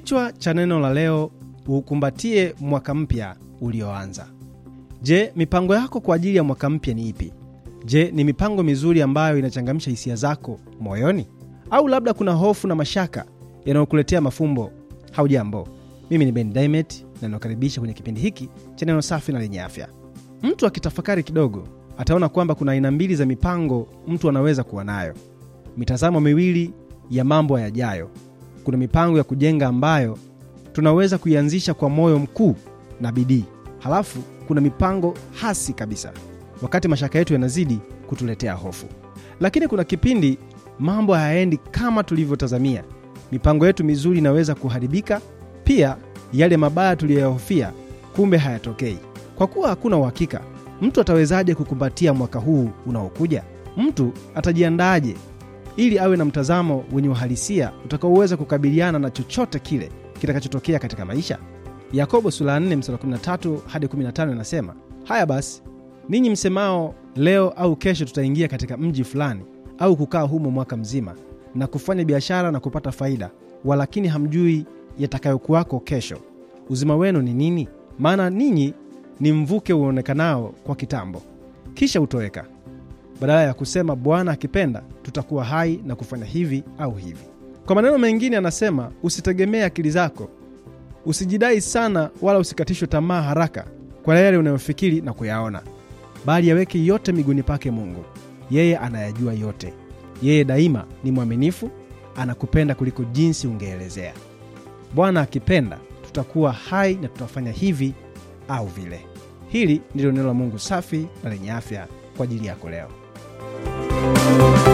Kichwa cha neno la leo: ukumbatie mwaka mpya ulioanza. Je, mipango yako kwa ajili ya mwaka mpya ni ipi? Je, ni mipango mizuri ambayo inachangamsha hisia zako moyoni, au labda kuna hofu na mashaka yanayokuletea mafumbo? Haujambo, mimi ni Ben Diamond na nakaribisha kwenye kipindi hiki cha neno safi na lenye afya. Mtu akitafakari kidogo, ataona kwamba kuna aina mbili za mipango mtu anaweza kuwa nayo, mitazamo miwili ya mambo yajayo, kuna mipango ya kujenga ambayo tunaweza kuianzisha kwa moyo mkuu na bidii, halafu kuna mipango hasi kabisa, wakati mashaka yetu yanazidi kutuletea hofu. Lakini kuna kipindi mambo hayaendi kama tulivyotazamia. Mipango yetu mizuri inaweza kuharibika pia. Yale mabaya tuliyoyahofia kumbe hayatokei. Kwa kuwa hakuna uhakika, mtu atawezaje kukumbatia mwaka huu unaokuja? Mtu atajiandaaje ili awe na mtazamo wenye uhalisia utakaoweza kukabiliana na chochote kile kitakachotokea katika maisha. Yakobo sula 4 msala 13 hadi 15 inasema, haya basi, ninyi msemao leo au kesho tutaingia katika mji fulani au kukaa humo mwaka mzima na kufanya biashara na kupata faida, walakini hamjui yatakayokuwako kesho. Uzima wenu ni nini? Maana ninyi ni mvuke uonekanao kwa kitambo, kisha utoweka badala ya kusema Bwana akipenda tutakuwa hai na kufanya hivi au hivi. Kwa maneno mengine, anasema usitegemee akili zako, usijidai sana, wala usikatishwe tamaa haraka kwa yale unayofikiri na kuyaona, bali yaweke yote miguni pake Mungu. Yeye anayajua yote, yeye daima ni mwaminifu, anakupenda kuliko jinsi ungeelezea. Bwana akipenda tutakuwa hai na tutafanya hivi au vile. Hili ndilo neno la Mungu safi na lenye afya kwa ajili yako leo. Música